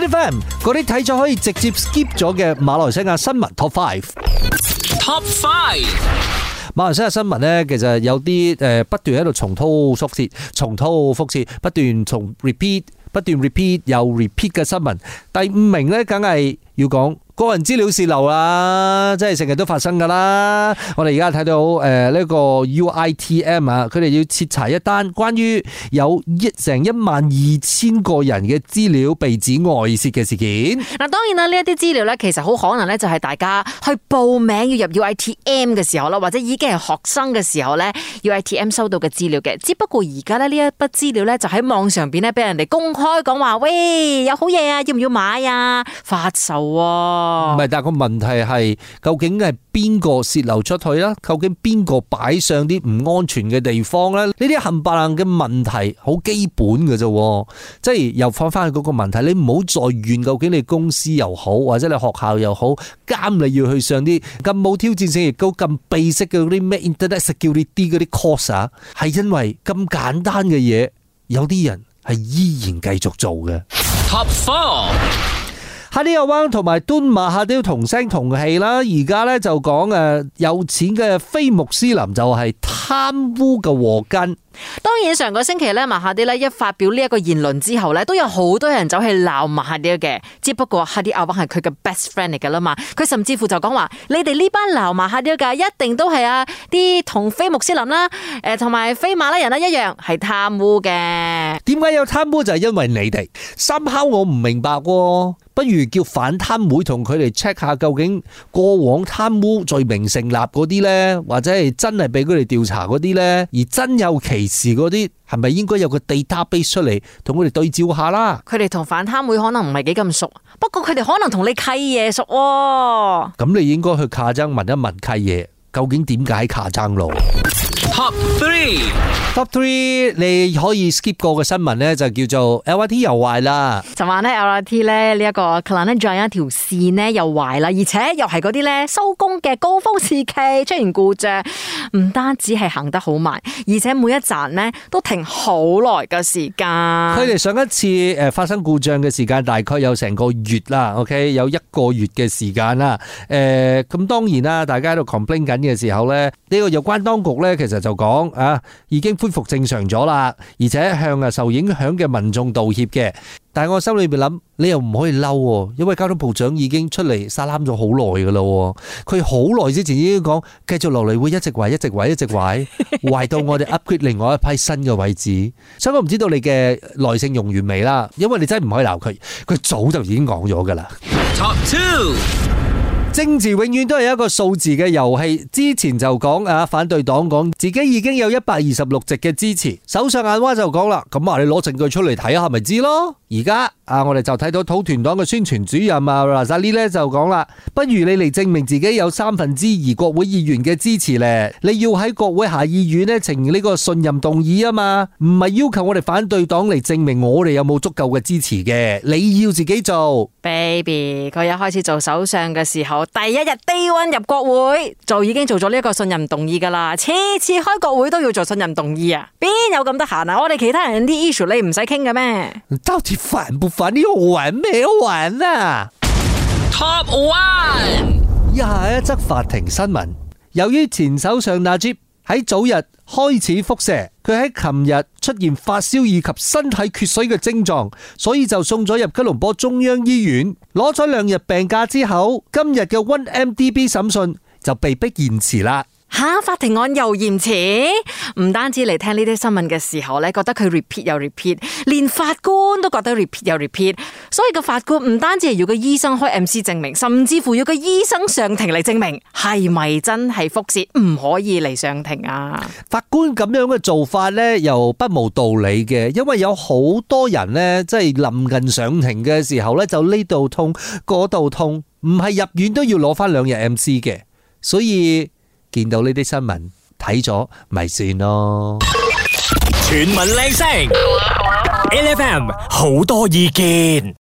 呢啲 friend，嗰啲睇咗可以直接 skip 咗嘅馬來西亞新聞 top five，top five。馬來西亞新聞咧，其實有啲誒不斷喺度重蹈覆轍，重蹈覆轍，不斷重 repeat，不斷 repeat，又 repeat 嘅新聞。第五名咧，梗係要講。個人資料泄露啊，真係成日都發生噶啦！我哋而家睇到誒呢、呃呢個 U I T M 啊，佢哋要徹查一單關於有一成一萬二千個人嘅資料被指外洩嘅事件。嗱，當然啦，呢一啲資料咧，其實好可能咧就係大家去報名要入 U I T M 嘅時候啦，或者已經係學生嘅時候咧，U I T M 收到嘅資料嘅。只不過而家咧呢一筆資料咧就喺網上邊咧俾人哋公開講話，喂，有好嘢啊，要唔要買啊？發售啊！唔係，但係個問題係究竟係邊個泄漏出去啦？究竟邊個擺上啲唔安全嘅地方咧？呢啲冚唪唥嘅問題好基本嘅啫，即係又放翻去嗰個問題，你唔好再怨究竟你公司又好，或者你學校又好，監你要去上啲咁冇挑戰性亦都咁秘式嘅嗰啲咩 Internet Security 嗰啲 course，係因為咁簡單嘅嘢，有啲人係依然繼續做嘅。Top four。哈迪亞灣同埋敦馬哈迪同聲同氣啦，而家咧，就講誒，有錢嘅非穆斯林就係貪污嘅禍根。當然上個星期咧，馬哈迪咧一發表呢一個言論之後咧，都有好多人走去鬧馬哈迪嘅。只不過哈迪亞灣係佢嘅 best friend 嚟噶啦嘛，佢甚至乎就講話：你哋呢班鬧馬哈迪嘅一定都係啊啲同非穆斯林啦，誒同埋非馬拉人啦，一樣係貪污嘅。點解有貪污就係、是、因為你哋？深敲我唔明白喎。不如叫反貪會同佢哋 check 下究竟過往貪污罪名成立嗰啲呢，或者係真係俾佢哋調查嗰啲呢？而真有其事嗰啲，係咪應該有個 database 出嚟同佢哋對照下啦？佢哋同反貪會可能唔係幾咁熟，不過佢哋可能同你契爺熟喎，哦。咁你應該去卡憎問一問契爺，究竟點解卡憎路。Top three，Top three，你可以 skip 過嘅新聞咧，就叫做 LRT 又壞啦。尋晚咧，LRT 咧呢一個，可能咧仲有一條線咧又壞啦，而且又係嗰啲咧收工嘅高峰時期出現故障，唔單止係行得好慢，而且每一站咧都停好耐嘅時間。佢哋上一次誒發生故障嘅時間大概有成個月啦，OK，有一個月嘅時間啦。誒，咁當然啦，大家喺度 complain 緊嘅時候咧，呢個有關當局咧，其實。就講啊，已經恢復正常咗啦，而且向啊受影響嘅民眾道歉嘅。但係我心裏邊諗，你又唔可以嬲，因為交通部長已經出嚟沙撈咗好耐噶啦。佢好耐之前已經講，繼續落嚟會一直壞，一直壞，一直壞，壞到我哋 upgrade 另外一批新嘅位置。所以我唔知道你嘅耐性用完未，啦，因為你真係唔可以鬧佢，佢早就已經講咗噶啦。Top 2。政治永遠都係一個數字嘅遊戲。之前就講啊，反對黨講自己已經有一百二十六席嘅支持。首相安華就講啦，咁，啊，話你攞證據出嚟睇下咪知咯。而家啊，我哋就睇到土團黨嘅宣傳主任啊拉沙利就講啦，不如你嚟證明自己有三分之二國會議員嘅支持咧。你要喺國會下議院呢呈呢個信任動議啊嘛，唔係要求我哋反對黨嚟證明我哋有冇足夠嘅支持嘅。你要自己做，baby，佢一開始做首相嘅時候。第一日 Day One 入國會就已經做咗呢一個信任動議噶啦，次次開國會都要做信任動議啊，邊有咁得閒啊？我哋其他人啲 issue 你唔使傾噶咩？你到底煩不煩？呢個玩咩玩啊？Top One，以下一則法庭新聞，由於前首相納吉喺早日。開始腹瀉，佢喺琴日出現發燒以及身體缺水嘅症狀，所以就送咗入吉隆坡中央醫院，攞咗兩日病假之後，今日嘅 1MDB 審訊就被迫延遲啦。吓、啊，法庭案又延遲，唔單止嚟聽呢啲新聞嘅時候咧，覺得佢 repeat 又 repeat，連法官都覺得 repeat 又 repeat，所以個法官唔單止係要個醫生開 M C 證明，甚至乎要個醫生上庭嚟證明係咪真係輻射，唔可以嚟上庭啊！法官咁樣嘅做法咧，又不無道理嘅，因為有好多人咧，即係臨近上庭嘅時候咧，就呢度痛嗰度痛，唔係入院都要攞翻兩日 M C 嘅，所以。見到呢啲新聞，睇咗咪算咯。全民靚聲，L F M 好多意見。